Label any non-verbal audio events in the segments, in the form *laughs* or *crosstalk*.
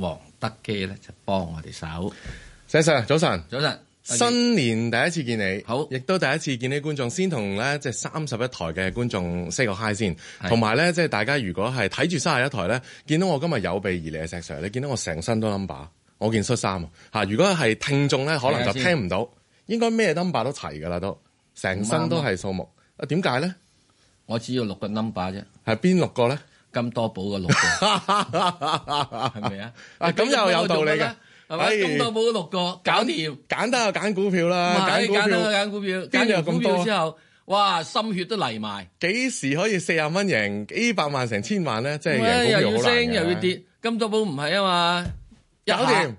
黃德幾咧就幫我哋手，石 Sir 早晨，早晨安，見新年第一次見你好，亦都第一次見你觀眾，先同咧即係三十一台嘅觀眾 say 個 hi 先，同埋咧即係大家如果係睇住三十一台咧，見到我今日有備而嚟，石 Sir，你見到我成身都 number，我件恤衫啊！嚇、啊，如果係聽眾咧，可能就聽唔到。看看應該咩 number 都齊㗎喇，都成身都係數目啊？點解咧？我只要個而已六個 number 啫，係邊六個咧？金多寶個六個係咪 *laughs* 啊？啊，咁又有道理嘅，係咪以？金多寶六個選搞掂定，簡單就揀股票啦，簡單就揀股票，邊有咁多啊？揀股票之後，哇，心血都嚟埋，幾時可以四十蚊贏幾百萬成千萬咧？即係是又要升又要跌，金多寶唔係啊嘛，搞掂。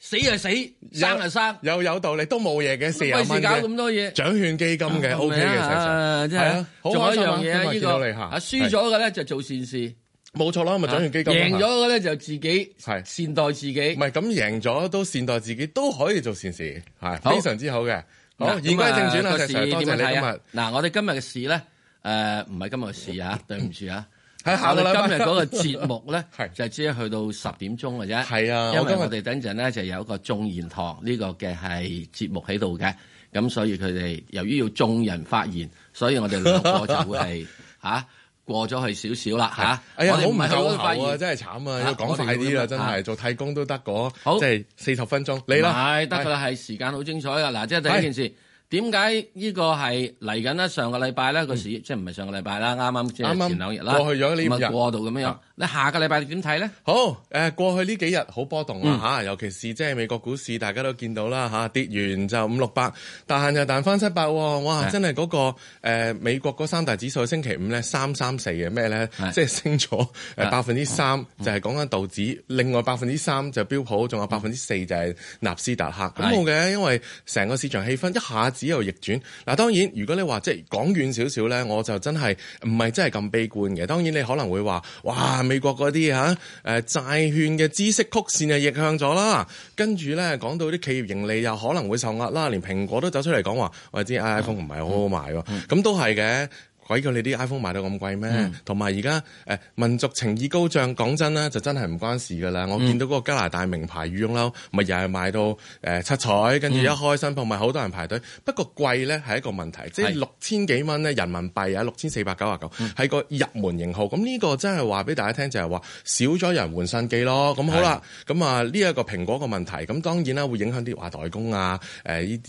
死就死，生就生，又有道理，都冇嘢嘅四十蚊嘅。費事搞咁多嘢。獎券基金嘅，O K 嘅，係啊，好開心啊。做一樣嘢，呢個啊輸咗嘅咧就做善事，冇錯啦，咪獎券基金。贏咗嘅咧就自己係善待自己。唔係咁贏咗都善待自己，都可以做善事，係非常之好嘅。好，言歸正傳啦，謝謝多謝你今日。嗱，我哋今日嘅事咧，誒，唔係今日嘅事吓，對唔住啊。喺考啦！今日嗰個節目咧，就只係去到十點鐘嘅啫。係啊，因為我哋等陣咧就有一個眾言堂呢個嘅係節目喺度嘅，咁所以佢哋由於要眾人發言，所以我哋兩個就會係吓過咗去少少啦吓。我哋唔夠發言啊，真係慘啊！要講快啲啦，真係做替工都得㗎。好，即係四十分鐘。你啦，係得嘅，係時間好精彩噶。嗱，即係第一件事。點解呢個係嚟緊咧？上個禮拜咧個市，嗯、即唔係上個禮拜啦，啱啱即係前兩日啦，剛剛過去咗呢五日，過度咁樣。你下個禮拜你點睇咧？好，誒過去呢幾日好波動啦、嗯、尤其是即係美國股市，大家都見到啦，跌完就五六百，但係又彈翻七百喎！哇，是真係嗰、那個、呃、美國嗰三大指數星期五咧三三四嘅咩咧？3, 3, 4, 呢是即係升咗誒百分之三，就係講緊道指；另外百分之三就標普，仲有百分之四就係、是、納斯達克。咁好嘅，因為成個市場氣氛一下子又逆轉。嗱，當然如果你話即係講遠少少咧，我就真係唔係真係咁悲觀嘅。當然你可能會話哇～美國嗰啲嚇，誒、啊呃、債券嘅孳息曲線啊逆向咗啦，跟住咧講到啲企業盈利又可能會受壓啦，連蘋果都走出嚟講話，喂、啊，我哋啲 iPhone 唔係好好賣喎，咁都係嘅。鬼叫你啲 iPhone 賣到咁貴咩？同埋而家誒民族情意高漲，講真啦，就真係唔關事噶啦。嗯、我見到嗰個加拿大名牌羽絨褸咪又係賣到誒、呃、七彩，跟住一開新鋪咪好多人排隊。嗯、不過貴咧係一個問題，是即係六千幾蚊咧人民幣啊，六千四百九啊九，係個入門型號，咁呢個真係話俾大家聽就係話少咗人換新機咯。咁好啦，咁啊呢一個蘋果個問題，咁當然啦會影響啲話代工啊，誒呢啲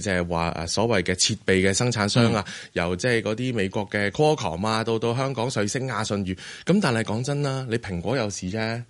即係話誒所謂嘅設備嘅生產商啊，嗯、由即係嗰啲美國。嘅 Coco 啊，到到香港瑞星亞信譽咁，但係講真啦，你蘋果有事啫。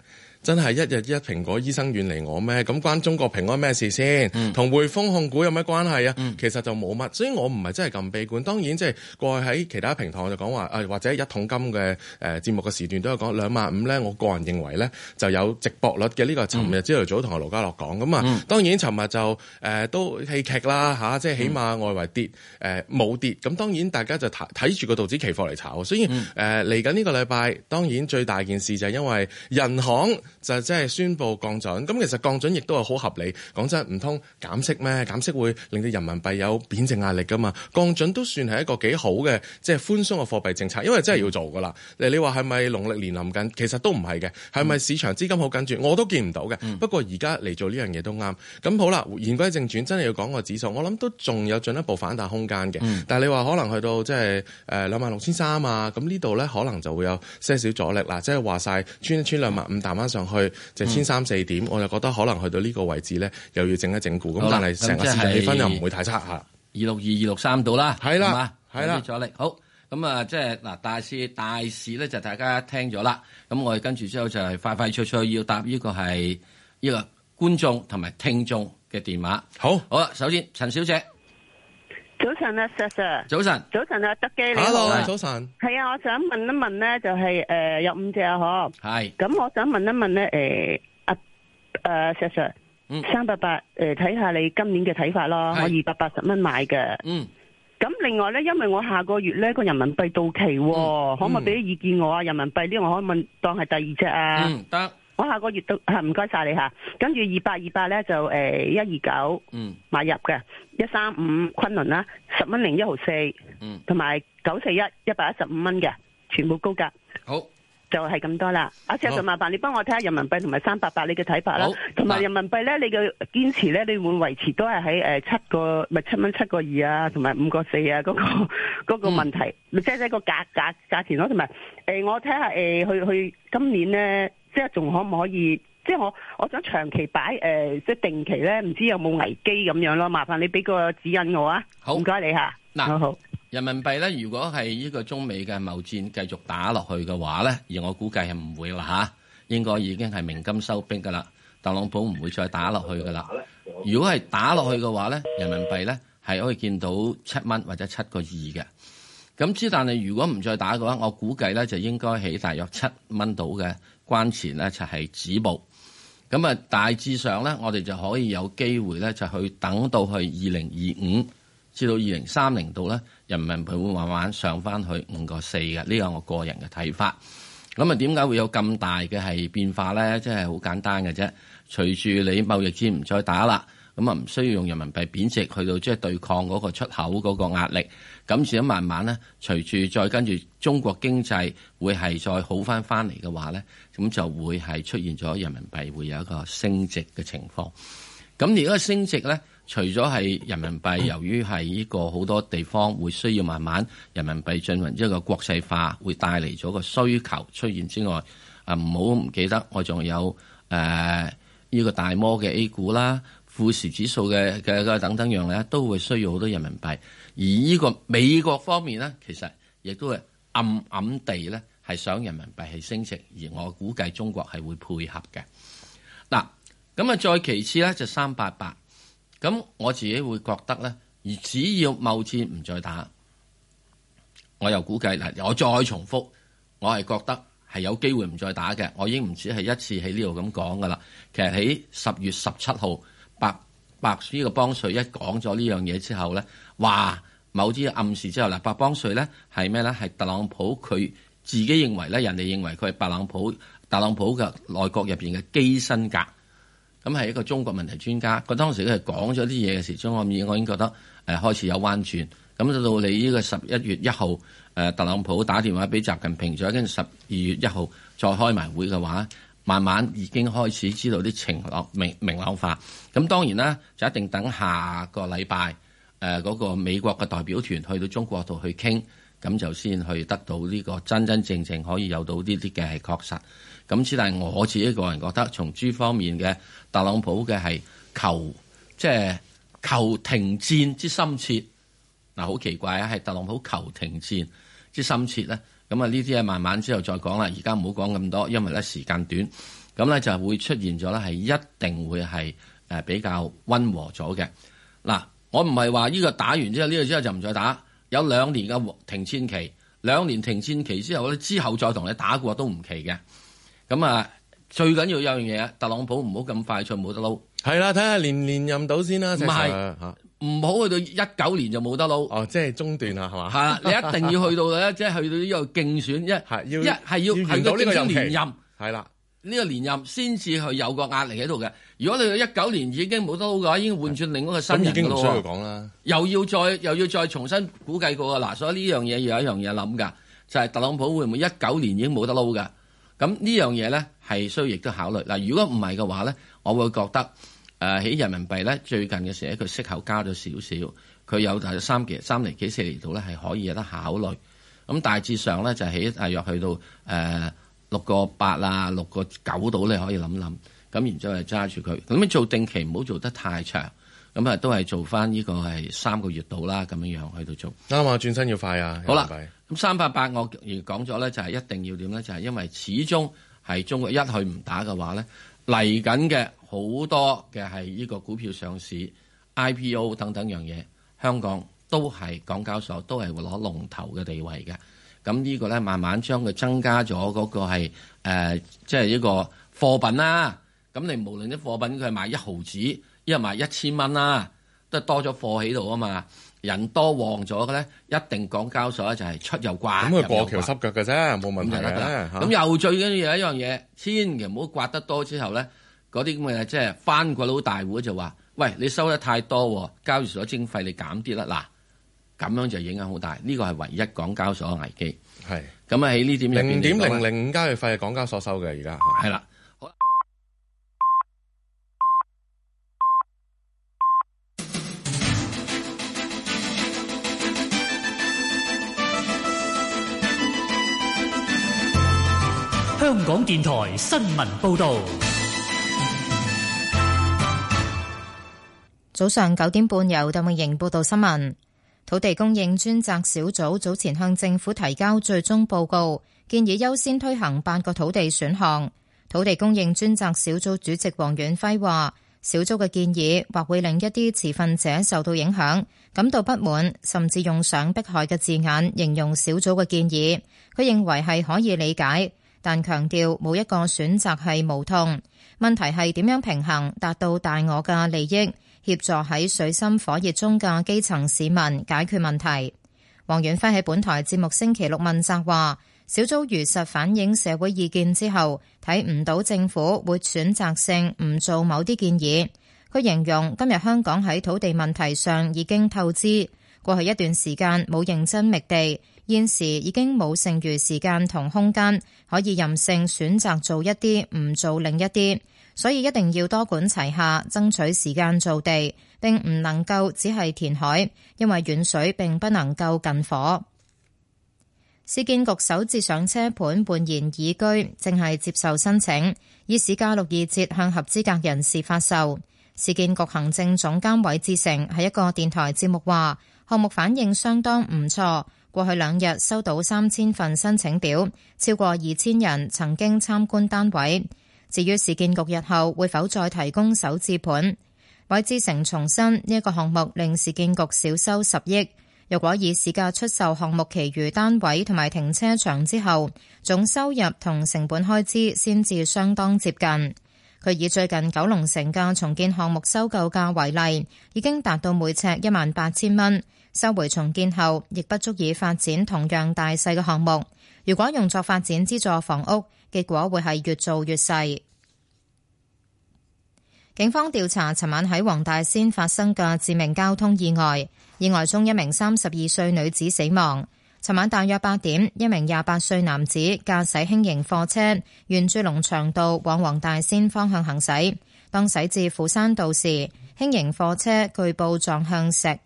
真係一日一蘋果，醫生遠離我咩？咁關中國平安咩事先？同、嗯、匯豐控股有咩關係啊？嗯、其實就冇乜，所以我唔係真係咁悲觀。當然即係過去喺其他平台就講話，誒、呃、或者一桶金嘅誒、呃、節目嘅時段都有講兩萬五咧。25，我個人認為咧，就有直播率嘅呢、這個。尋日朝頭早同阿盧家樂講咁啊。嗯、當然尋日就誒、呃、都戲劇啦嚇，即、啊、係、就是、起碼外圍跌誒冇跌。咁、呃、當然大家就睇睇住個道指期貨嚟炒。所以誒嚟緊呢個禮拜，當然最大件事就係因為人行。就即係宣布降準，咁其實降準亦都係好合理。講真，唔通減息咩？減息會令到人民幣有貶值壓力㗎嘛？降準都算係一個幾好嘅，即、就、係、是、寬鬆嘅貨幣政策，因為真係要做㗎啦。嗯、你話係咪農曆年臨緊？其實都唔係嘅。係咪、嗯、市場資金好緊住？我都見唔到嘅。嗯、不過而家嚟做呢樣嘢都啱。咁好啦，言歸正傳，真係要講個指數，我諗都仲有進一步反彈空間嘅。嗯、但你話可能去到即係誒兩萬六千三啊，咁呢度呢，可能就會有些少阻力啦。即係話晒，穿一穿兩萬五大翻上去就千三四點，嗯、我就覺得可能去到呢個位置咧，又要整一整固咁，的但係成個市氣氛又唔會太差嚇。二六二二六三度啦，係啦，係啦，唔力。的好，咁啊，即係嗱大市大市咧，就大家聽咗啦。咁我哋跟住之後就係快快脆脆要答呢個係呢、呢個觀眾同埋聽眾嘅電話。好，好啦，首先陳小姐。早晨啊，Sir！早晨，早晨啊，德幾，你好啊，早晨。係啊，我想問一問咧，就係誒，有五隻嗬。係。咁我想問一問咧，誒啊誒，Sir！三百八誒，睇下你今年嘅睇法咯。我二百八十蚊買嘅。嗯。咁另外咧，因為我下個月咧個人民幣到期，可唔可以俾啲意見我啊？人民幣呢，我可以問當係第二隻啊？嗯，得。我下個月都，吓唔該晒你吓，跟住二百二百咧就誒一二九買入嘅，一三五昆崙啦，十蚊零一毫四，嗯，同埋九四一一百一十五蚊嘅，全部高價，好就係咁多啦。阿、啊、Sir 就麻煩你幫我睇下人民幣同埋三八八你嘅睇法啦，同埋好人民幣咧你嘅堅持咧你會維持都係喺誒七個咪七蚊七個二啊，同埋五個四啊嗰個嗰個問題，即係、嗯、個價格價錢咯，同埋誒我睇下誒、呃、去去今年咧。即係仲可唔可以？即係我我想長期擺、呃、即係定期咧，唔知有冇危機咁樣咯？麻煩你俾個指引我啊！好唔該你下、啊、嗱，好人民幣咧，如果係呢個中美嘅貿戰繼續打落去嘅話咧，而我估計係唔會啦，下應該已經係鳴金收兵㗎啦。特朗普唔會再打落去㗎啦。如果係打落去嘅話咧，人民幣咧係可以見到七蚊或者七個二嘅咁之。但係如果唔再打嘅話，我估計咧就應該起大約七蚊到嘅。關前呢就係止步，咁啊大致上呢，我哋就可以有機會呢，就去等到去二零二五至到二零三零度呢，人民幣會慢慢上返去五個四嘅，呢個我個人嘅睇法。咁啊，點解會有咁大嘅係變化呢？真係好簡單嘅啫，隨住你貿易戰唔再打啦，咁啊唔需要用人民幣貶值去到即係對抗嗰個出口嗰個壓力。咁而家慢慢呢，隨住再跟住中國經濟會係再好返返嚟嘅話呢。咁就會係出現咗人民幣會有一個升值嘅情況。咁而家升值咧，除咗係人民幣由於係呢個好多地方會需要慢慢人民幣進行一個國際化，會帶嚟咗個需求出現之外，啊唔好唔記得我仲有誒呢、呃這個大摩嘅 A 股啦、富時指數嘅嘅等等樣咧，都會需要好多人民幣。而呢個美國方面咧，其實亦都係暗暗地咧。係想人民幣係升值，而我估計中國係會配合嘅嗱。咁啊，咁再其次咧就三八八咁，我自己會覺得咧，而只要貿戰唔再打，我又估計嗱，我再重複，我係覺得係有機會唔再打嘅。我已經唔止係一次喺呢度咁講噶啦。其實喺十月十七號，白白呢個邦瑞一講咗呢樣嘢之後咧，哇，某次暗示之後嗱，白邦瑞咧係咩咧？係特朗普佢。自己認為咧，人哋認為佢係特朗普、特朗普嘅內閣入邊嘅基辛格，咁係一個中國問題專家。佢當時佢係講咗啲嘢嘅時候，張漢義我已經覺得誒開始有彎轉。咁到到你呢個十一月一號，誒特朗普打電話俾習近平咗，跟住十二月一號再開埋會嘅話，慢慢已經開始知道啲情況明明朗化。咁當然啦，就一定等下個禮拜誒嗰、嗰個美國嘅代表團去到中國度去傾。咁就先去得到呢個真真正正可以有到呢啲嘅係確實。咁之但係我自己個人覺得，從諸方面嘅特朗普嘅係求即係、即係、求停戰之深切。嗱好奇怪啊，係特朗普求停戰之深切咧。咁啊呢啲嘢慢慢之後再講啦。而家唔好講咁多，因為咧時間短。咁咧就會出現咗咧，係一定會係誒比較温和咗嘅。嗱，我唔係話呢個打完之後，呢、呢個之後就唔再打。有兩年嘅停戰期，兩年停戰期之後，我之後再同你打過都唔奇嘅。咁啊，最緊要有樣嘢，特朗普唔好咁快脆冇得撈。係啦，睇下連連任到先啦。唔係唔好去到一九年就冇得撈。哦，即係中斷啊，係嘛？嚇，你一定要去到啦，即係 *laughs* 去到呢個競選係要一，一係要喺度競選連任。係啦。呢個連任先至去有個壓力喺度嘅。如果你去一九年已經冇得撈嘅話，已經換轉另外一個新人咁、嗯、已經需要講啦。又要再又要再重新估計過啊！嗱，所以呢樣嘢要有一樣嘢諗㗎，就係、是、特朗普會唔會一九年已經冇得撈㗎？咁呢樣嘢咧係需要亦都考慮。嗱，如果唔係嘅話咧，我會覺得誒喺、呃、人民幣咧最近嘅時候，佢息口加咗少少，佢有大概三幾三釐幾四釐度咧係可以有得考慮。咁大致上咧就係喺大約去到誒。呃六個八啊，六個九度你可以諗諗，咁然之後就揸住佢，咁你做定期唔好做得太長，咁啊都係做翻呢個係三個月度啦，咁樣樣去到做。啱啊，轉身要快啊。好啦，咁三八八我而講咗咧，就係、是、一定要點咧，就係、是、因為始終係中國一去唔打嘅話咧，嚟緊嘅好多嘅係呢個股票上市、IPO 等等樣嘢，香港都係港交所都係會攞龍頭嘅地位嘅。咁呢個咧，慢慢將佢增加咗嗰個係即係一個貨品啦、啊。咁你無論啲貨品佢係賣一毫紙，亦係賣一千蚊啦、啊，都係多咗貨喺度啊嘛。人多旺咗嘅咧，一定港交所咧就係出又刮。咁佢過橋濕腳嘅啫，冇問題嘅、啊。咁、啊、又最緊要有一樣嘢，千祈唔好刮得多之後咧，嗰啲咁嘅即係番鬼佬大戶就話：，喂，你收得太多，交易所徵費你減啲啦嗱。咁樣就影響好大，呢個係唯一港交所危機。係咁啊！喺呢點，零點零零五交易費係港交所收嘅，而家係啦。香港電台新聞報道，早上九點半由鄧文瑩報道新聞。土地供應專責小組早前向政府提交最終報告，建議優先推行八個土地選項。土地供應專責小組主席黃遠輝話：小組嘅建議或會令一啲持份者受到影響，感到不滿，甚至用上迫害嘅字眼形容小組嘅建議。佢認為係可以理解，但強調冇一個選擇係無痛。問題係點樣平衡，達到大我嘅利益。協助喺水深火熱中嘅基層市民解決問題。黃遠輝喺本台節目星期六問責話：小組如實反映社會意見之後，睇唔到政府會選擇性唔做某啲建議。佢形容今日香港喺土地問題上已經透支，過去一段時間冇認真覓地，現時已經冇剩餘時間同空間可以任性選擇做一啲唔做另一啲。所以一定要多管齊下，爭取時間造地，並唔能夠只係填海，因為遠水並不能夠近火。市建局首置上車盤煥然壹居，正係接受申請，以市價六二折向合資格人士發售。市建局行政總監韋志成喺一個電台節目話，項目反應相當唔錯，過去兩日收到三千份申請表，超過二千人曾經參觀單位。至於市建局日後會否再提供首置盤？韋志成重申呢一個項目令市建局少收十億。若果以市價出售項目其餘單位同埋停車場之後，總收入同成本開支先至相當接近。佢以最近九龍城嘅重建項目收購價為例，已經達到每尺一萬八千蚊。收回重建後，亦不足以發展同樣大細嘅項目。如果用作發展資助房屋。結果會係越做越細。警方調查，尋晚喺黃大仙發生嘅致命交通意外，意外中一名三十二歲女子死亡。尋晚大約八點，一名廿八歲男子駕駛輕型貨車沿住龍翔道往黃大仙方向行駛，當駛至斧山道時，輕型貨車據報撞向石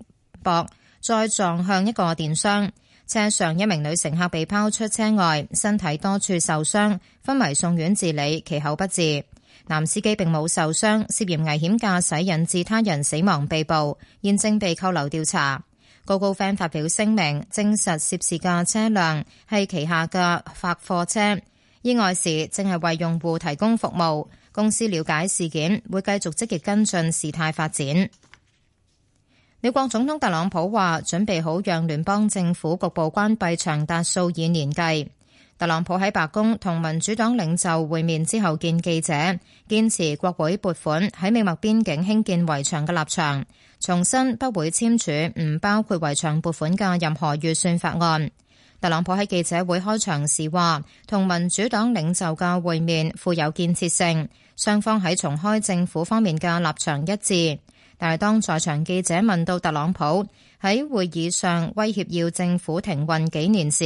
博，再撞向一個電箱。車上一名女乘客被拋出車外，身體多處受傷，昏迷送院治理，其後不治。男司機並冇受傷，涉嫌危險駕駛引致他人死亡被捕，現正被扣留調查。高高 Fan 發表聲明證實涉事架車輛係旗下嘅發貨車，意外時正係為用戶提供服務。公司了解事件，會繼續積極跟進事態發展。美國總統特朗普話準備好讓聯邦政府局部關閉，長達數以年計。特朗普喺白宮同民主黨領袖會面之後見記者，堅持國會撥款喺美墨邊境興建圍牆嘅立場，重申不會簽署唔包括圍牆撥款嘅任何預算法案。特朗普喺記者會開場時話，同民主黨領袖嘅會面富有建設性，雙方喺重開政府方面嘅立場一致。但係，當在場記者問到特朗普喺會議上威脅要政府停運幾年時，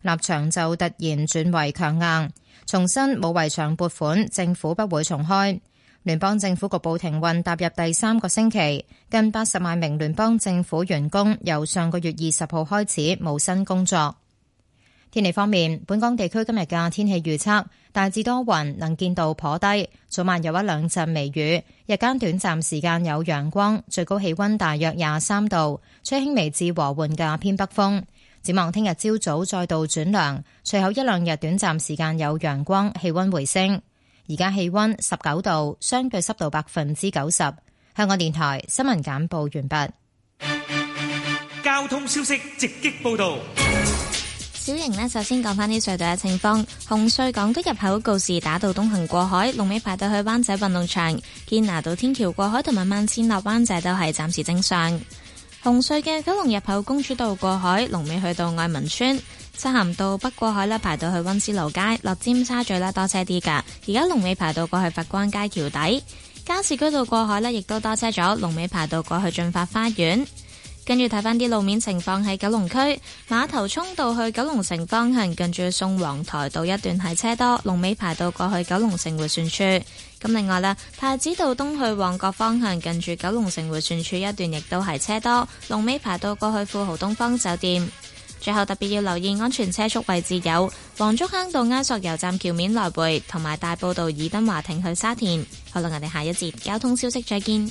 立場就突然轉為強硬，重申冇圍牆撥款，政府不會重開。聯邦政府局部停運踏入第三個星期，近八十萬名聯邦政府員工由上個月二十號開始冇薪工作。天氣方面，本港地區今日嘅天氣預測，大致多雲，能見度頗低，早晚有一兩陣微雨，日間短暫時間有陽光，最高氣溫大約廿三度，吹輕微至和緩嘅偏北風。展望聽日朝早再度轉涼，隨後一兩日短暫時間有陽光，氣溫回升。而家氣溫十九度，相對濕度百分之九十。香港電台新聞簡報完畢。交通消息直擊報道。小瑩呢，首先講返啲隧道嘅情況。紅隧港島入口告士打道東行過海，龍尾排到去灣仔運動場；堅拿道天橋過海同埋萬千落灣仔都係暫時正常。紅隧嘅九龍入口公主道過海，龍尾去到愛民村；漆咸道北過海呢排到去溫思勞街，落尖沙咀啦多車啲噶。而家龍尾排到過去佛光街橋底，加士居道過海呢亦都多車咗，龍尾排到過去駿發花園。跟住睇翻啲路面情況，喺九龍區馬頭涌道去九龍城方向，近住宋皇台道一段係車多，龍尾排到過去九龍城回旋處。咁另外啦，太子道東去旺角方向，近住九龍城回旋處一段亦都係車多，龍尾排到過去富豪東方酒店。最後特別要留意安全車速位置有黃竹坑道埃索油站橋面來回，同埋大埔道爾登華庭去沙田。好啦，我哋下一節交通消息再見。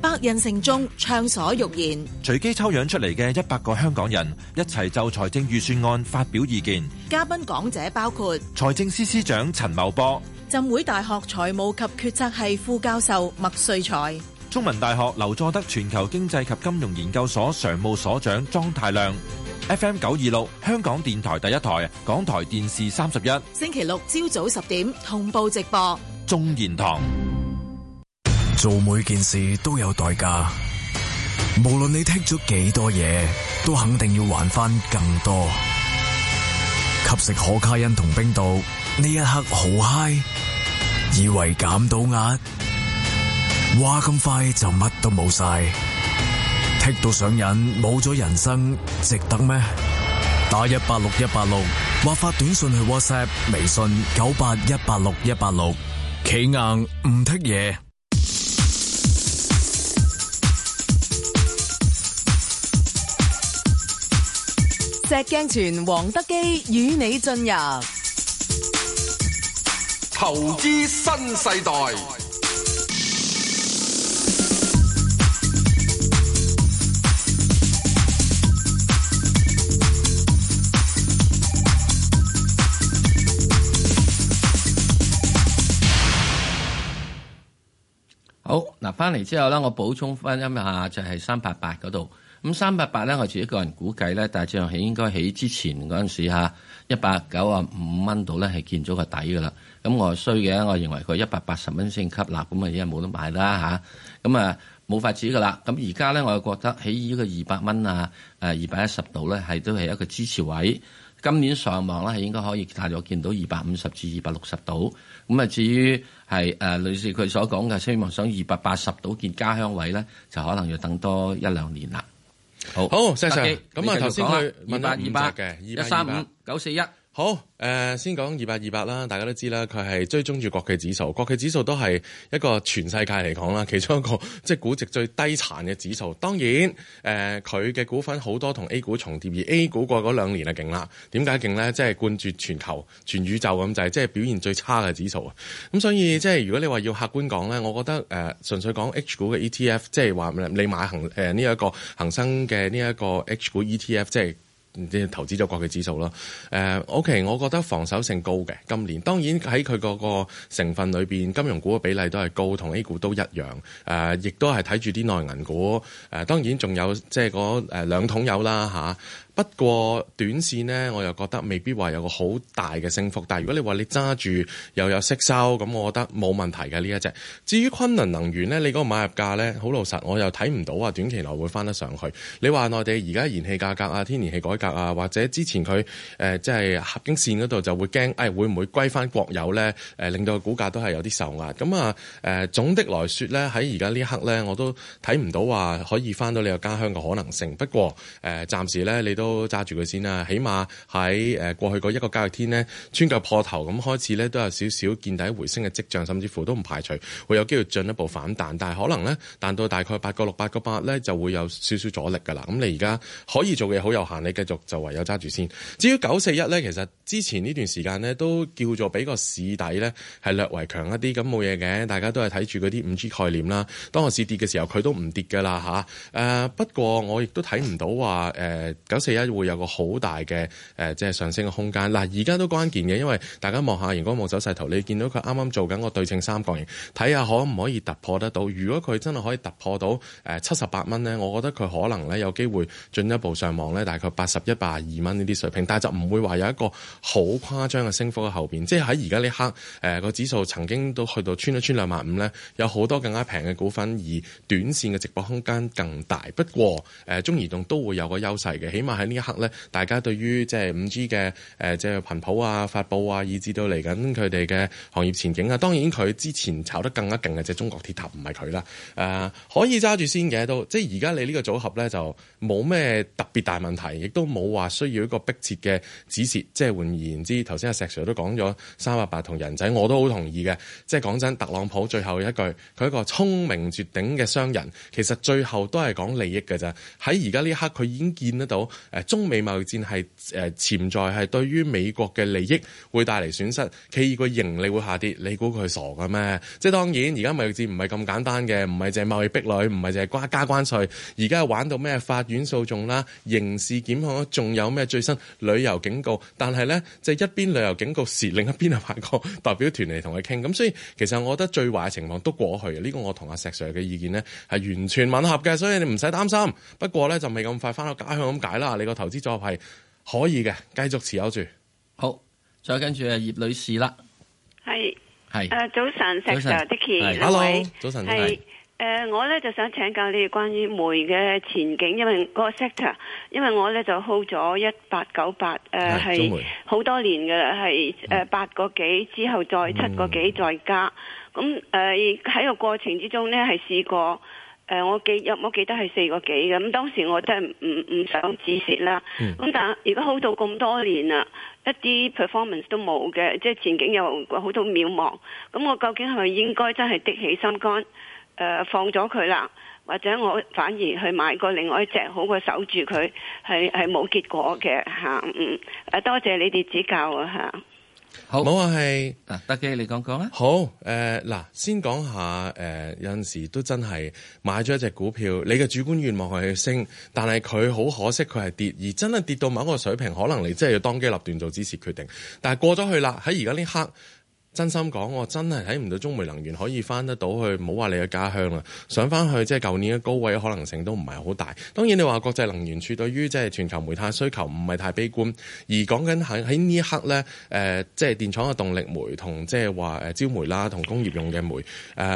百人成眾暢所欲言。隨機抽樣出嚟嘅一百個香港人一齊就財政預算案發表意見。嘉賓講者包括財政司司長陳茂波、浸會大學財務及決策系副教授麥瑞才、中文大學劉佐德全球經濟及金融研究所常務所長莊太量。FM 九二六香港電台第一台，港台電視三十一，星期六朝早十點同步直播。眾言堂。做每件事都有代價，無論你剔咗幾多嘢，都肯定要還翻更多。吸食可卡因同冰毒，呢一刻好嗨，以為減到壓，哇咁快就乜都冇晒，剔到上癮，冇咗人生值得咩？打一八六一八六，或發短信去 WhatsApp、微信九八一八六一八六，企硬唔剔嘢。石鏡泉、黃德幾與你進入投資新世代。世代好，嗱翻嚟之後咧，我補充翻一下，就係三八八嗰度。咁三百八咧，我自己個人估計咧，大致上係應該喺之前嗰陣時下一百九啊五蚊度咧係見咗個底㗎啦。咁我衰嘅，我認為佢一百八十蚊先吸納，咁啊依家冇得買啦吓。咁啊冇法子㗎啦。咁而家咧，我又覺得喺呢個二百蚊啊，誒二百一十度咧係都係一個支持位。今年上網咧係應該可以大約見到二百五十至二百六十度。咁啊至於係誒、啊、類似佢所講嘅，希望想二百八十度見家鄉位咧，就可能要等多一兩年啦。好好，謝謝。德幾。咁啊那麼，頭先去二八二八嘅，二八一三五九四一。好，誒、呃、先講二百二百啦，大家都知啦，佢係追蹤住國企指數，國企指數都係一個全世界嚟講啦，其中一個即係估值最低殘嘅指數。當然，誒佢嘅股份好多同 A 股重疊，而 A 股過嗰兩年啊勁啦。點解勁咧？即係冠絕全球、全宇宙咁就係即係表現最差嘅指數。咁所以即係如果你話要客觀講咧，我覺得誒、呃、純粹講 H 股嘅 ETF，即係話你買恒誒呢一個恆生嘅呢一個 H 股 ETF，即係。啲投資咗國企指數啦，誒，O K，我覺得防守性高嘅今年，當然喺佢嗰個成分裏邊，金融股嘅比例都係高，同 A 股都一樣，誒、呃，亦都係睇住啲內銀股，誒、呃，當然仲有即係嗰誒兩桶油啦，嚇、啊，不過短線呢，我又覺得未必話有個好大嘅升幅。但如果你話你揸住又有息收，咁我覺得冇問題嘅呢一隻。至於昆侖能源呢，你嗰個買入價呢，好老實，我又睇唔到話短期內會翻得上去。你話內地而家燃氣價格啊、天然氣改革啊，或者之前佢即係合經線嗰度就會驚，誒、哎、會唔會歸翻國有呢、呃？令到股價都係有啲受壓。咁啊、誒總的來說呢，喺而家呢刻呢，我都睇唔到話可以翻到你個家鄉嘅可能性。不過、呃、暫時呢。你都。都揸住佢先啦、啊，起碼喺誒過去嗰一個交易天呢，穿腳破頭咁開始呢，都有少少見底回升嘅跡象，甚至乎都唔排除會有機會進一步反彈。但係可能呢，彈到大概八個六、八個八呢，就會有少少阻力㗎啦。咁你而家可以做嘅好有限，你繼續就唯有揸住先。至於九四一呢，其實之前呢段時間呢，都叫做俾個市底呢，係略為強一啲。咁冇嘢嘅，大家都係睇住嗰啲五 G 概念啦。當個市跌嘅時候，佢都唔跌㗎啦嚇。誒、啊、不過我亦都睇唔到話誒九四而家會有個好大嘅，誒、呃，即係上升嘅空間。嗱、啊，而家都關鍵嘅，因為大家望下熒光幕走勢圖，你見到佢啱啱做緊個對稱三角形，睇下可唔可以突破得到。如果佢真係可以突破到誒七十八蚊咧，我覺得佢可能咧有機會進一步上網咧，大概八十一、八十二蚊呢啲水平。但係就唔會話有一個好誇張嘅升幅喺後邊。即係喺而家呢刻誒、呃，那個指數曾經都去到穿一穿兩萬五咧，有好多更加平嘅股份，而短線嘅直播空間更大。不過誒、呃，中移動都會有個優勢嘅，起碼係。呢一刻咧，大家對於即係五 G 嘅誒，即係頻譜啊、發布啊，以至到嚟緊佢哋嘅行業前景啊。當然佢之前炒得更加勁嘅，就係中國鐵塔，唔係佢啦。誒、啊，可以揸住先嘅都，即係而家你呢個組合咧，就冇咩特別大問題，亦都冇話需要一個迫切嘅指示。即係換言之，頭先阿石 Sir 都講咗三八八同人仔，我都好同意嘅。即係講真，特朗普最後一句，佢一個聰明絕頂嘅商人，其實最後都係講利益㗎咋。喺而家呢一刻，佢已經見得到。中美貿易戰係誒潛在係對於美國嘅利益會帶嚟損失，企業個盈利會下跌。你估佢傻㗎咩？即係當然，而家貿易戰唔係咁簡單嘅，唔係淨係貿易壁壘，唔係淨係加關稅。而家玩到咩？法院訴訟啦，刑事檢控，仲有咩最新旅遊警告？但係咧，即係一邊旅遊警告時，另一邊又發個代表團嚟同佢傾。咁所以其實我覺得最壞嘅情況都過去。呢個我同阿石 sir 嘅意見咧係完全吻合嘅，所以你唔使擔心。不過咧就未咁快翻到家鄉咁解啦。你個投資組合係可以嘅，繼續持有住。好，再跟住啊葉女士啦。係係誒早晨，早晨 Dicky，hello，早晨，係誒、uh, 我咧就想請教你哋關於煤嘅前景，因為嗰個 sector，因為我咧就 hold 咗一八九八誒係好多年嘅，係誒八個幾之後再七個幾再加，咁誒喺個過程之中咧係試過。誒、呃、我記有我記得係四個幾嘅，咁當時我真係唔唔想止蝕啦。咁但係如果 hold 到咁多年啦，一啲 performance 都冇嘅，即係前景又好到渺茫，咁我究竟係應該真係的起心肝誒、呃、放咗佢啦，或者我反而去買個另外一隻好過守住佢，係係冇結果嘅嚇、啊。嗯誒，多謝你哋指教啊嚇。好，我係，嗱，得嘅，你講講啊。好，誒，嗱，先講下，誒，有陣時都真係買咗一隻股票，你嘅主觀願望係去升，但係佢好可惜，佢係跌，而真係跌到某一個水平，可能你真係要當機立斷做支持決定，但係過咗去啦，喺而家呢刻。真心講，我真係睇唔到中煤能源可以翻得到去，冇話你嘅家鄉啊，上翻去即係舊年嘅高位可能性都唔係好大。當然你話國際能源署對於即係全球煤炭需求唔係太悲觀，而講緊喺喺呢一刻咧、呃，即係電廠嘅動力煤同即係話誒焦煤啦，同工業用嘅煤誒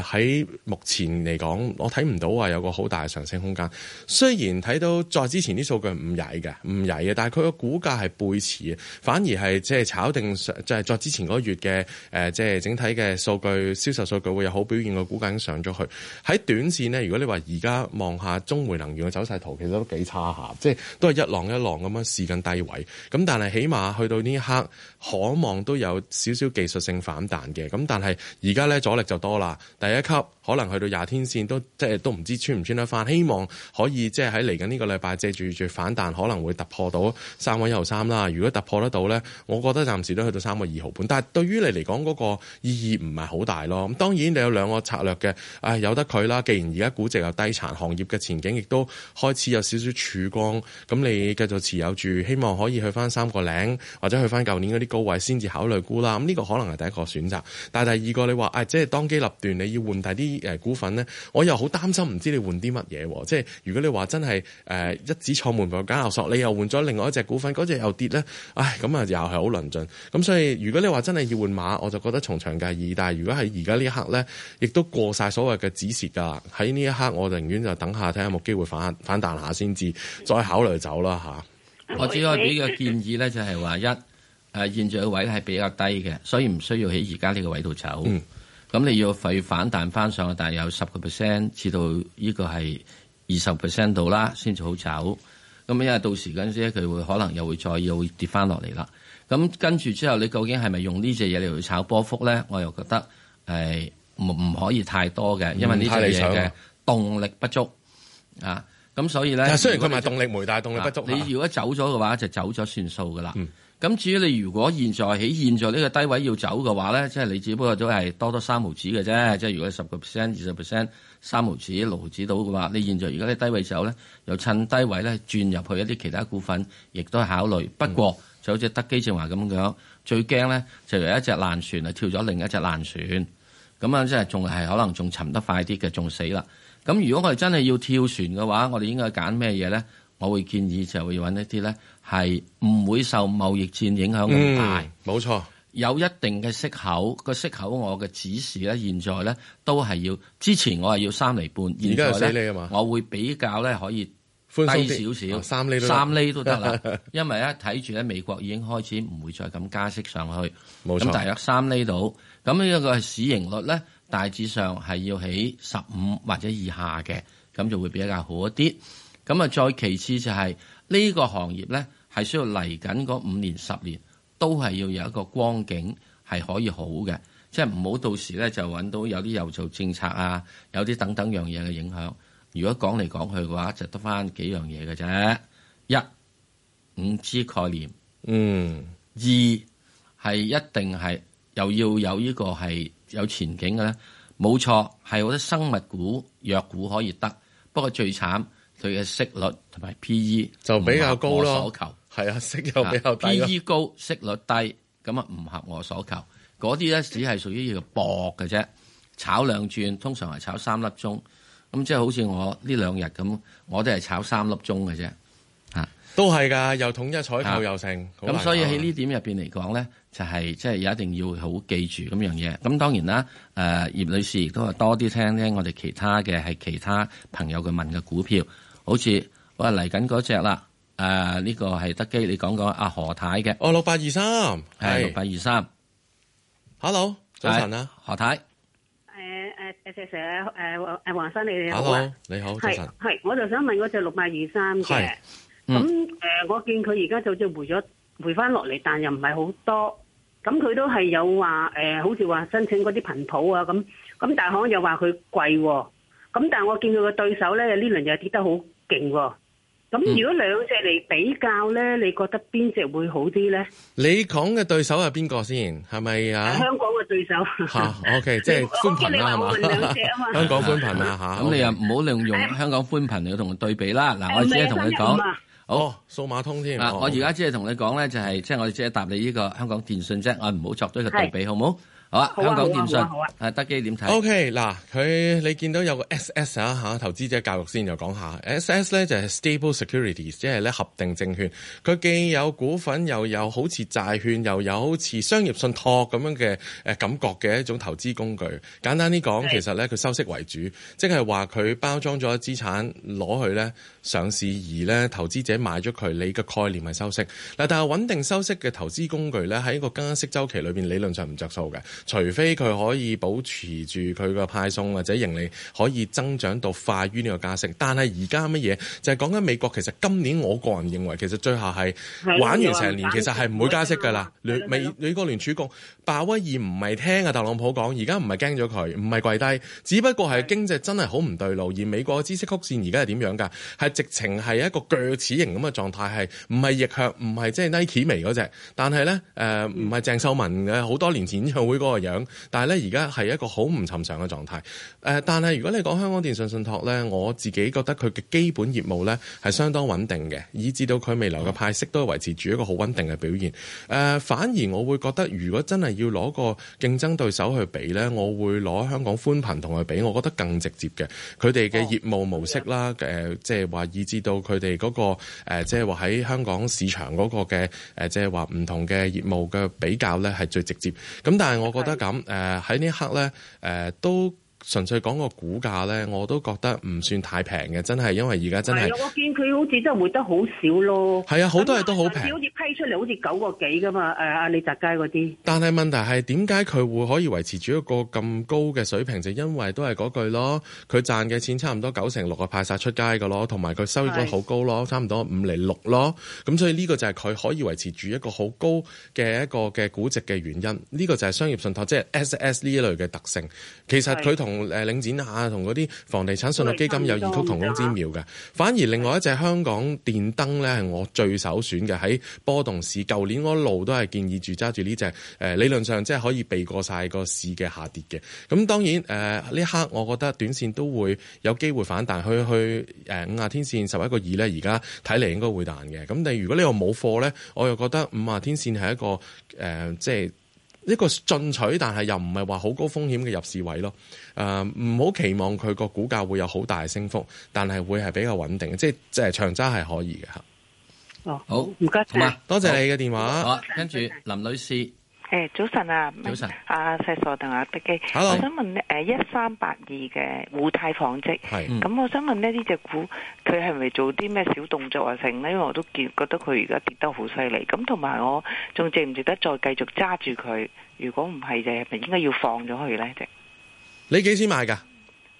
喺、呃、目前嚟講，我睇唔到話有個好大嘅上升空間。雖然睇到再之前啲數據唔曳嘅，唔曳嘅，但係佢個股價係背馳嘅，反而係即係炒定即係再之前嗰月嘅即係整體嘅數據，銷售數據會有好表現嘅估計，已經上咗去了。喺短線咧，如果你話而家望下中煤能源嘅走勢圖其實都幾差下，即係都係一浪一浪咁樣試緊低位。咁但係起碼去到呢一刻，可望都有少少技術性反彈嘅。咁但係而家咧，阻力就多啦。第一級可能去到廿天線，都即係都唔知道穿唔穿得翻。希望可以即係喺嚟緊呢個禮拜借住住反彈，可能會突破到三位一毫、呃、三啦。如果突破得到咧，我覺得暫時都去到三位二毫半。但係對於你嚟講嗰，嗰個意義唔係好大咯。咁當然你有兩個策略嘅，啊由得佢啦。既然而家估值又低殘，行業嘅前景亦都開始有少少曙光。咁你繼續持有住，希望可以去翻三個零，或者去翻舊年嗰啲高位先至考慮沽啦。咁呢個可能係第一個選擇。但係第二個你話，啊即係當機立斷，你要換大啲誒股份呢？我又好擔心，唔知你換啲乜嘢。即係如果你話真係誒一子錯，滿盤皆落索，你又換咗另外一隻股份，嗰隻又跌呢？唉咁啊又係好論盡。咁所以如果你話真係要換馬，我就覺得從長計議，但係如果喺而家呢一刻咧，亦都過晒所謂嘅止蝕㗎。喺呢一刻，我寧願就等一下睇有冇機會反反彈下先至再考慮走啦嚇。嗯、我只可以俾個建議咧，就係話一誒、呃，現在嘅位係比較低嘅，所以唔需要喺而家呢個位度走。咁、嗯、你要費反彈翻上去，但係有十個 percent 至到呢個係二十 percent 度啦，先至好走。咁因為到時嗰陣時佢會可能又會再要跌翻落嚟啦。咁跟住之後，你究竟係咪用呢隻嘢嚟去炒波幅咧？我又覺得係唔唔可以太多嘅，因為呢隻嘢嘅動力不足啊。咁所以咧，雖然佢係動力煤，但係動力不足。你如果走咗嘅話，就走咗算數噶啦。咁、嗯、至於你如果現在喺現在呢個低位要走嘅話咧，即係你只不過都係多多三毫子嘅啫。即係如果十個 percent 二十 percent 三毫子六毫子到嘅話，你現在如果你低位走咧，又趁低位咧轉入去一啲其他股份，亦都考慮。不過、嗯就好似德幾正話咁樣，最驚咧就有一隻爛船啊，跳咗另一隻爛船，咁啊即係仲係可能仲沉得快啲嘅，仲死啦。咁如果我哋真係要跳船嘅話，我哋應該揀咩嘢咧？我會建議就會揾一啲咧係唔會受貿易戰影響咁大，冇、嗯、錯，有一定嘅息口，個息口我嘅指示咧，現在咧都係要，之前我係要三厘半，現在咧我會比較咧可以。一點低少少，哦，三厘都得啦，可以 *laughs* 因為咧睇住咧，美國已經開始唔會再咁加息上去，咁錯大概三厘度。咁呢一個市盈率咧大致上係要喺十五或者以下嘅，咁就會比較好一啲。咁啊，再其次就係、是、呢、呢個行業咧係需要嚟緊嗰五年十年都係要有一個光景係可以好嘅，即係唔好到時咧就揾到有啲又做政策啊，有啲等等樣嘢嘅影響。如果講嚟講去嘅話，就得返幾樣嘢嘅啫。一，五 G 概念，嗯，二，係一定係又要有呢個係有前景嘅咧。冇錯，係我覺得生物股、藥股可以得。不過最慘，佢嘅息率同埋 P E 就比較高咯。係啊，息又比較低。P E 高，息率低，咁啊唔合我所求。嗰啲咧只係屬於要搏嘅啫，炒兩轉通常係炒三粒鐘。咁、嗯、即係好似我呢兩日咁，我都係炒三粒鐘嘅啫，吓、啊、都係噶，又統一採購又成。咁、啊啊、所以喺呢點入面嚟講咧，就係即係有一定要好記住咁樣嘢。咁、嗯、當然啦，誒、呃、葉女士亦都係多啲聽聽，我哋其他嘅係其他朋友嘅問嘅股票，好似我嚟緊嗰隻啦，誒呢、啊呢個係德基，你講講阿何太嘅，哦六百二三，係六百二三。23, 是 Hello 早晨啊，何太。石生啊！誒誒，黃生你哋好啊！你好，主持人。係係，我就想問嗰隻六百二三嘅。係。咁誒，我見佢而家就只回咗回翻落嚟，但又唔係好多。咁佢都係有話誒，好似話申請嗰啲頻譜啊咁。咁大行又話佢貴。咁但係我見佢個對手咧，呢輪又跌得好勁喎。咁如果兩隻嚟比較咧，你覺得邊隻會好啲咧？你講嘅對手係邊個先？係咪啊？香港嘅對手。好 OK，即係寬頻啦，係嘛？香港寬頻啊，咁你又唔好用用香港寬頻嚟同對比啦。嗱，我只係同你講，哦，數碼通添。我而家只係同你講咧，就係即係我只係答你呢個香港電訊啫。我唔好作對個對比，好唔好？好啊，好啊，香港電訊，誒、啊啊啊、德幾點睇？O K，嗱佢，你見到有個 S S 啊，投資者教育先就講下 S S 咧，就係 stable securities，即係咧合訂證券，佢既有股份又有好似債券，又有好似商業信託咁樣嘅、呃、感覺嘅一種投資工具。簡單啲講，Okay. 其實咧佢收息為主，即係話佢包裝咗資產攞去咧上市，而咧投資者買咗佢，你嘅概念係收息嗱、啊，但係穩定收息嘅投資工具咧喺一個加息週期裏面理論上唔着數嘅。除非佢可以保持住佢個派送或者盈利可以增長到快於呢個加息，但係而家乜嘢就係講緊美國，其實今年我個人認為其實最後係玩完成年，其實係唔會加息㗎啦。的美美國聯儲局鮑威爾唔係聽啊特朗普講，而家唔係驚咗佢，唔係跪低，只不過係經濟真係好唔對路。而美國嘅知識曲線而家係點樣㗎？係直情係一個鋸齒形咁嘅狀態，係唔係逆向？唔係即係 Nike 眉嗰隻，但係咧誒唔係鄭秀文嘅好多年前演唱會個個樣、呃，但係咧，而家係一個好唔尋常嘅狀態。誒，但係如果你講香港電信信託咧，我自己覺得佢嘅基本業務咧係相當穩定嘅，以至到佢未來嘅派息都係維持住一個好穩定嘅表現。誒、呃，反而我會覺得，如果真係要攞個競爭對手去比咧，我會攞香港寬頻同佢比，我覺得更直接嘅。佢哋嘅業務模式啦，誒、哦，即係話以至到佢哋嗰個誒，即係話喺香港市場嗰個嘅誒，即係話唔同嘅業務嘅比較咧，係最直接。咁但係我覺得。對覺得咁誒喺呢一刻咧、呃、都。純粹講個股價咧，我都覺得唔算太平嘅，真係因為而家真係。我見佢好似真係會得好少咯。係啊，好多嘢都好平。好似批出嚟好似九個幾噶嘛？阿李澤鉅嗰啲。但係問題係點解佢會可以維持住一個咁高嘅水平？就是，因為都係嗰句咯，佢賺嘅錢差唔多九成六個派晒出街㗎咯，同埋佢收益都好高咯，差唔多五厘六咯。咁所以呢個就係佢可以維持住一個好高嘅一個嘅估值嘅原因。呢、呢個就係商業信託，即係 S S 呢類嘅特性。其實佢同同誒領展下同嗰啲房地產信託基金有異曲同工之妙嘅。反而另外一隻香港電燈咧，係我最首選嘅。喺波動市，舊年嗰路都係建議住揸住呢隻誒，理論上即係可以避過晒個市嘅下跌嘅。咁當然誒，呢、呃、一刻我覺得短線都會有機會反彈，去去誒、呃、五十天線十一個二咧，而家睇嚟應該會彈嘅。咁你如果話呢度冇貨咧，我又覺得五十天線係一個誒、呃，即係。一個進取，但係又唔係話好高風險嘅入市位咯。誒、呃，唔好期望佢個股價會有好大嘅升幅，但係會係比較穩定嘅，即係誒長揸係可以嘅嚇。哦，好，唔該。好啊，多謝你嘅電話。跟住林女士。誒，早晨啊！早、啊、晨，阿石叔同阿德幾，Hello. 我想問咧，誒、呃，一三八二嘅互太紡織，咁是、嗯、我想問呢呢隻股佢係咪做啲咩小動作啊成？呢因為我都見覺得佢而家跌得好犀利，咁同埋我仲值唔值得再繼續揸住佢？如果唔係就係咪應該要放咗佢咧？即你幾時買噶？誒、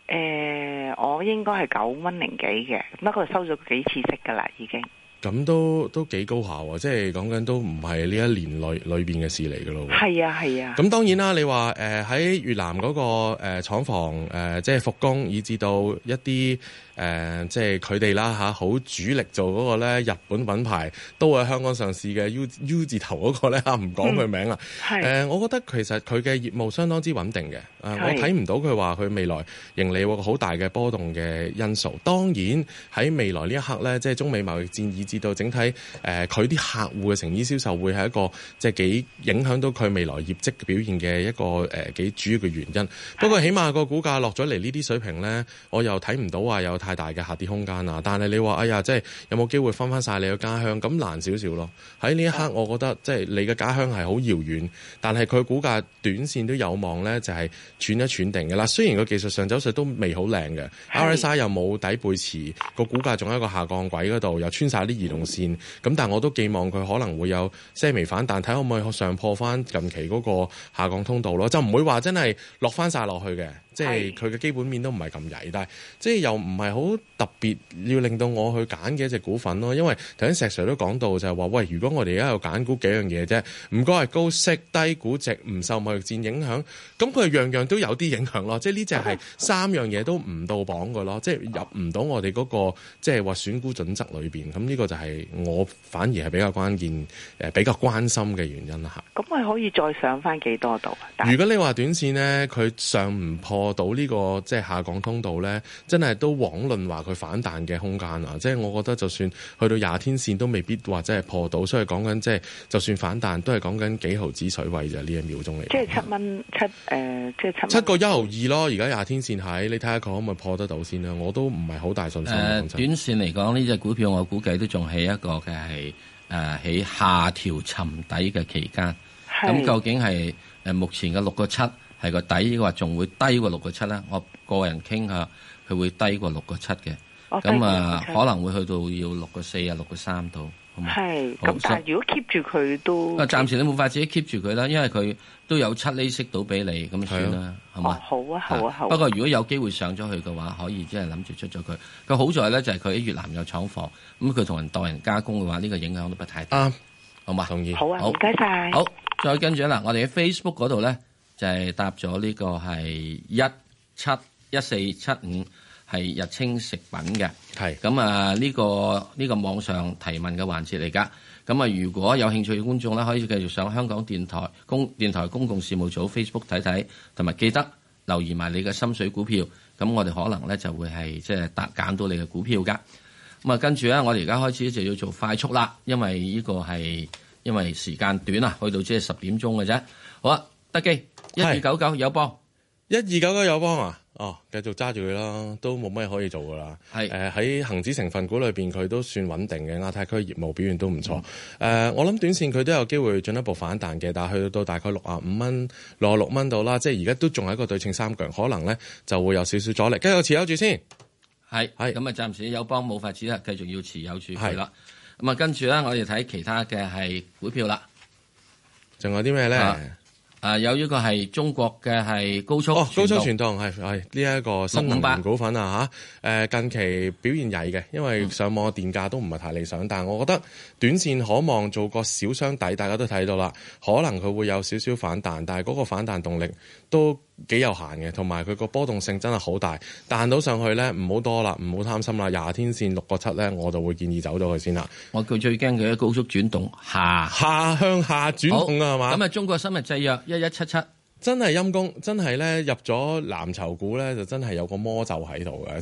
欸，我應該係九蚊零幾嘅，不過收咗幾次息噶啦，已經。咁都都幾高效喎，即係講緊都唔係呢一年內裏邊嘅事嚟㗎咯。係啊，係啊。咁當然啦，你話誒喺越南嗰、嗰個誒、呃、廠房誒、呃、即係復工，以至到一啲。誒、呃，即係佢哋啦好，啊、主力做嗰個咧，日本品牌都喺香港上市嘅 U U 字頭嗰個咧，唔講佢名啦，嗯呃。我覺得其實佢嘅業務相當之穩定嘅。呃、是我睇唔到佢話佢未來盈利會好大嘅波動嘅因素。當然喺未來呢一刻咧，即係中美貿易戰以至到整體誒，佢、呃、啲客戶嘅成衣銷售會係一個即係幾影響到佢未來業績表現嘅一個誒幾、呃、主要嘅原因。是不過起碼個股價落咗嚟呢啲水平咧，我又睇唔到話有太。又太大嘅下跌空間啊！但係你話哎呀，即係有冇機會翻翻曬你嘅家鄉？咁難少少咯。喺呢一刻，我覺得即係你嘅家鄉係好遙遠，但係佢股價短綫都有望咧，就係、是、穿一穿定嘅啦。雖然個技術上走勢都未好靚嘅，RSI 又冇底背馳，個股價仲喺個下降軌嗰度，又穿曬啲移動綫，咁，但係我都寄望佢可能會有些微反彈，睇可唔可以上破翻近期嗰個下降通道咯。就唔會話真係落翻曬落去嘅。是即係佢嘅基本面都唔係咁曳，但係即係又唔係好特別要令到我去揀嘅一隻股份咯。因為頭先石 Sir 都講到就係話，喂，如果我哋而家喺度揀股幾樣嘢啫，唔該係高息、低估值、唔受貿易戰影響，咁佢係樣樣都有啲影響咯。即係呢隻係三樣嘢都唔到榜嘅咯，即係入唔到我哋嗰、嗰個即係話選股準則裏面。咁呢個就係我反而係比較關鍵、比較關心嘅原因啦吓，咁佢可以再上翻幾多度啊？但如果你話短線呢，佢上唔破。破到呢、呢個即係下降通道咧，真係都枉論話佢反彈嘅空間啦。即係我覺得，就算去到廿天線都未必話真係破到，所以講緊即係就算反彈都係講緊幾毫子水位就呢一秒鐘嚟。即係七蚊七誒，即係七。七、呃、七、七個一毫二咯，而家廿天線喺你睇下佢可唔可以破得到先啦。我都唔係好大信心。短線嚟講呢隻股票，我估計都仲喺一個嘅係誒喺下調沉底嘅期間。咁是究竟係誒目前嘅六個七？係個底，嘅話仲會低過六個七啦。我個人傾下，佢會低過六個七嘅。咁啊，可能會去到要六個四啊，六個三度。好嘛？係咁，但係如果 keep 住佢都。啊，暫時你冇法自己 keep 住佢啦，因為佢都有七厘息到俾你，咁算啦，係嘛？好啊，好啊，好。不過如果有機會上咗去嘅話，可以即係諗住出咗佢。佢好在咧，就係佢喺越南有廠房，咁佢同人代人加工嘅話，呢個影響都不太大。好嘛？同意。好啊，好，唔該晒。好，再跟住啦，我哋喺 Facebook 嗰度咧。就係搭咗呢個係一七一四七五係日清食品嘅。係咁啊呢個呢、這個網上提問嘅環節嚟㗎。咁啊如果有興趣嘅觀眾咧，可以繼續上香港電台，電台公電台公共事務組 Facebook 睇睇，同埋記得留意埋你嘅心水股票。咁我哋可能咧就會係即係揀到你嘅股票㗎。咁啊跟住咧，我哋而家開始就要做快速啦，因為呢個係因為時間短啊，去到即係十點鐘嘅啫。好啊！德幾一二九九友邦，一二九九友邦啊哦，繼續揸住佢啦，都冇乜可以做噶啦。係誒喺恒指成分股裏邊，佢都算穩定嘅。亞太區業務表現都唔錯。誒、嗯呃，我諗短線佢都有機會進一步反彈嘅，但係去到大概六啊五蚊、六啊六蚊度啦。即係而家都仲喺一個對稱三角，可能咧就會有少少阻力。繼續持有住先。係係咁啊，暫是時友邦冇法子啦，繼續要持有住係啦。咁啊，跟住咧，我哋睇其他嘅係股票啦。仲有啲咩咧？啊，有一個係中國嘅係高速傳動哦，高速傳動係係呢一個新能源股份啊吓，誒、啊、近期表現曳嘅，因為上網電價都唔係太理想，嗯、但係我覺得短線可望做個小雙底，大家都睇到啦，可能佢會有少少反彈，但係嗰個反彈動力都幾有限嘅，同埋佢個波動性真係好大，彈到上去咧唔好多啦，唔好貪心啦，廿天線六個七咧，我就會建議走咗佢先啦。我佢最驚佢喺高速轉動下下向下轉動啊嘛。咁啊，中國生物製藥。一一七七。真係陰公，真係咧入咗藍籌股咧，就真係有個魔咒喺度嘅。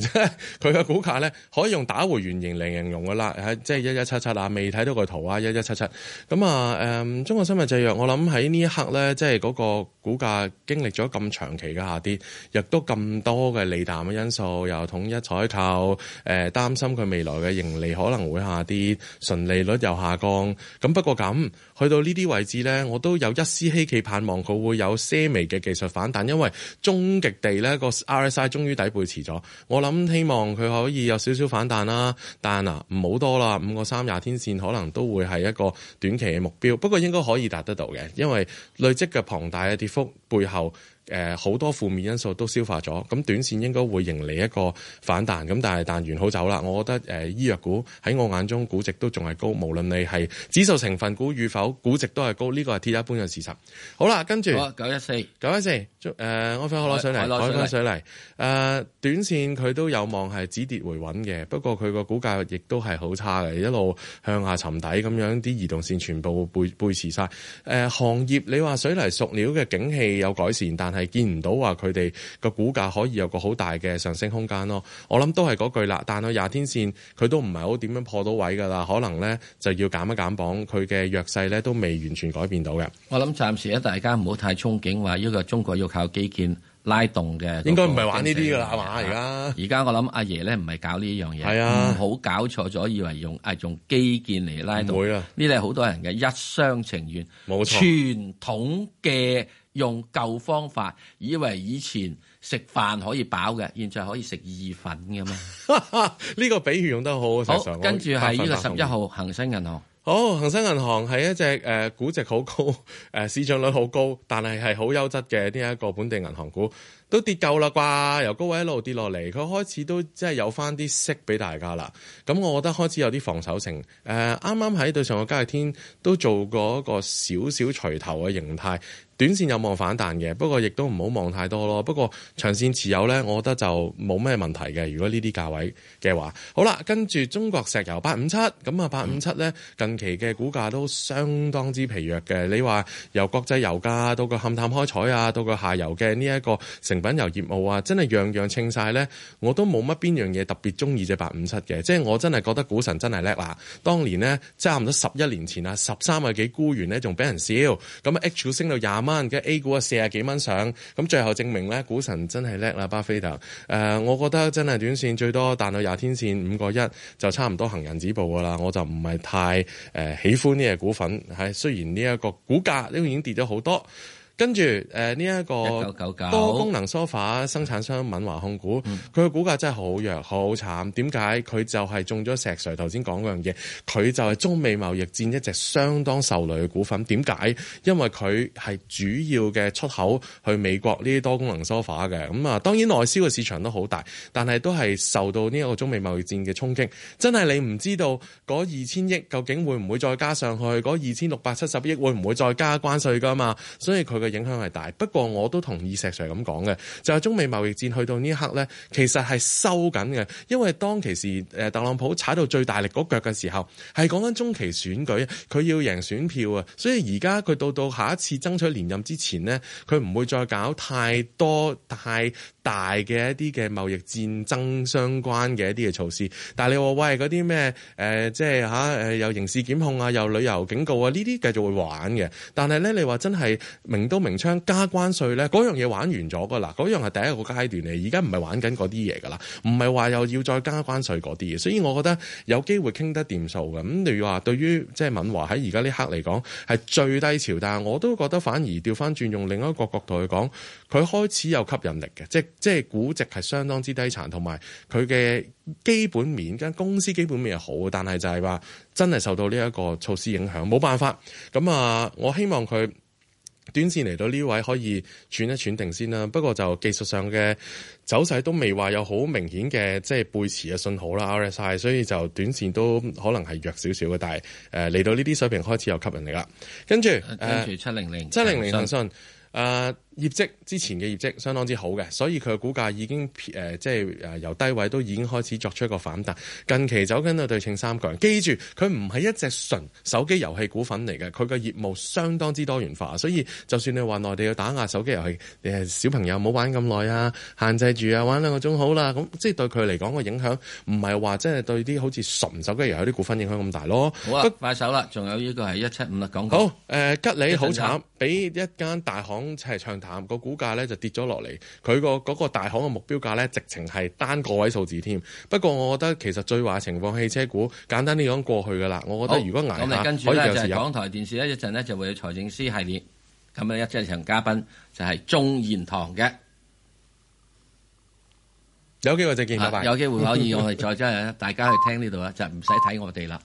佢 *laughs* 嘅股價咧可以用打回原形嚟形容㗎啦，即係一一七七啊，未睇到個圖啊，一一七七。咁啊，中國生物製藥，我諗喺呢一刻咧，即係嗰個股價經歷咗咁長期嘅下跌，亦都咁多嘅利淡嘅因素，又統一採購，誒、呃、擔心佢未來嘅盈利可能會下跌，純利率又下降。咁不過咁，去到呢啲位置咧，我都有一絲希冀盼望佢會有微嘅技術反彈，因為終極地咧，個 RSI 終於底背馳咗，我諗希望佢可以有少少反彈啦，但唔好多啦，五個三廿天線可能都會係一個短期嘅目標，不過應該可以達得到嘅，因為累積嘅龐大嘅跌幅背後。誒好、呃、多負面因素都消化咗，咁短線應該會迎嚟一個反彈，咁但係彈完好走啦。我覺得誒、呃、醫藥股喺我眼中估值都仲係高，無論你係指數成分股與否，估值都係高，呢、這個係鐵一般嘅事實。好啦，跟住九一四，九一四，誒、呃、我想攞上嚟，攞翻海螺水泥誒、呃，短線佢都有望係止跌回穩嘅，不過佢個股價亦都係好差嘅，一路向下沉底咁樣，啲移動線全部背背刺晒。誒、呃、行業你話水泥熟料嘅景氣有改善，但係係見唔到話佢哋個股價可以有個好大嘅上升空間咯，我諗都係嗰句啦。但係廿天線佢都唔係好點樣破到位噶啦，可能咧就要減一減磅，佢嘅弱勢咧都未完全改變到嘅。我諗暫時咧，大家唔好太憧憬話一個中國要靠基建拉動嘅，應該唔係玩呢啲噶啦。啊、阿爺而家，而家我諗阿爺咧唔係搞呢樣嘢，唔好搞錯咗，以為用啊用基建嚟拉動。唔會啊，呢啲係好多人嘅一廂情願。冇錯，傳統嘅。用舊方法，以為以前食飯可以飽嘅，現在可以食意粉嘅嘛？呢 *laughs* 個比喻用得好。好，跟住係呢個十一號恒會生銀行。好，恒生銀行係一隻誒、呃、估值，好高，誒、呃、市賬率好高，但係係好優質嘅呢一個本地銀行股。都跌夠啦啩，由高位一路跌落嚟，佢開始都即係有翻啲息俾大家啦。咁我覺得開始有啲防守性。誒、呃，啱啱喺對上個交易天都做過一個少少錘頭嘅形態，短線有望反彈嘅，不過亦都唔好望太多咯。不過長線持有呢，我覺得就冇咩問題嘅。如果呢啲價位嘅話，好啦，跟住中國石油八五七，咁啊八五七呢近期嘅股價都相當之疲弱嘅。你話由國際油價到個勘探開採啊，到個下游嘅呢一個成品油業務啊，真係樣樣清晒咧，我都冇乜邊樣嘢特別中意隻，八五七嘅，即係我真係覺得股神真係叻啦。當年呢，差唔多十一年前啊，十三啊幾沽元呢，仲畀人笑。咁啊，H 股升到廿蚊，嘅 A 股啊四啊幾蚊上，咁最後證明咧，股神真係叻啦，巴菲特。誒、呃，我覺得真係短線最多彈到廿天線五個一，就差唔多行人止步噶啦，我就唔係太誒、呃、喜歡呢隻股份係，雖然呢一個股價呢、這個已經跌咗好多。跟住，誒呢一個多功能梳化生產商敏華控股，佢嘅、嗯、股價真係好弱，好慘。點解佢就係中咗石 Sir 頭先講嗰樣嘢？佢就係中美貿易戰一隻相當受累嘅股份。點解？因為佢係主要嘅出口去美國呢啲多功能梳化嘅。咁、嗯、啊，當然內銷嘅市場都好大，但係都係受到呢一個中美貿易戰嘅衝擊。真係你唔知道嗰二千億究竟會唔會再加上去？嗰二千六百七十億會唔會再加關稅㗎嘛？所以佢嘅。影響係大，不過我都同意石 Sir 咁講嘅，就係、是、中美貿易戰去到呢一刻呢，其實係收緊嘅，因為當其時特朗普踩到最大力嗰腳嘅時候，係講緊中期選舉，佢要贏選票啊，所以而家佢到到下一次爭取連任之前呢，佢唔會再搞太多太大嘅一啲嘅貿易戰爭相關嘅一啲嘅措施。但你話喂嗰啲咩即係吓誒，又刑事檢控啊，有旅遊警告啊，呢啲繼續會玩嘅。但係呢，你話真係明都。明昌加關稅咧，嗰樣嘢玩完咗噶啦，嗰樣係第一個階段嚟。而家唔係玩緊嗰啲嘢噶啦，唔係話又要再加關稅嗰啲嘢，所以我覺得有機會傾得掂數嘅。咁例如話，對於即係敏華喺而家呢刻嚟講係最低潮，但係我都覺得反而調翻轉用另一個角度去講，佢開始有吸引力嘅，即係即係估值係相當之低殘，同埋佢嘅基本面間公司基本面係好，但係就係話真係受到呢一個措施影響，冇辦法。咁啊，我希望佢。短線嚟到呢位可以轉一轉定先啦，不過就技術上嘅走勢都未話有好明顯嘅，即係背馳嘅信號啦，RSI，所以就短線都可能係弱少少嘅，但係誒嚟到呢啲水平開始有吸引力啦。跟住跟住七零零七零零騰訊啊。著業績之前嘅業績相當之好嘅，所以佢嘅股價已經、呃、即係由低位都已經開始作出一個反彈。近期走緊個對稱三強，記住佢唔係一隻純手機遊戲股份嚟嘅，佢嘅業務相當之多元化，所以就算你話內地要打壓手機遊戲小朋友冇玩咁耐啊，限制住啊，玩兩個鐘好啦，咁即係對佢嚟講個影響唔係話即係對啲好似純手機遊戲啲股份影響咁大咯。好啊，快但手啦，仲有呢個係一七五啦，講好誒、呃，吉利好慘，俾一間大行即係唱談個股價咧就跌咗落嚟，佢個個大行嘅目標價咧，直情係單個位數字添。不過我覺得其實最壞情況，汽車股簡單啲講過去噶啦。我覺得如果捱咁你跟住咧就係港台電視呢一陣呢就會有財政司系列，咁、就是、啊一陣場嘉賓就係鍾賢堂嘅，有機會就見下，有機會可以 *laughs* 我哋再真係大家去聽呢度啊，就唔使睇我哋啦。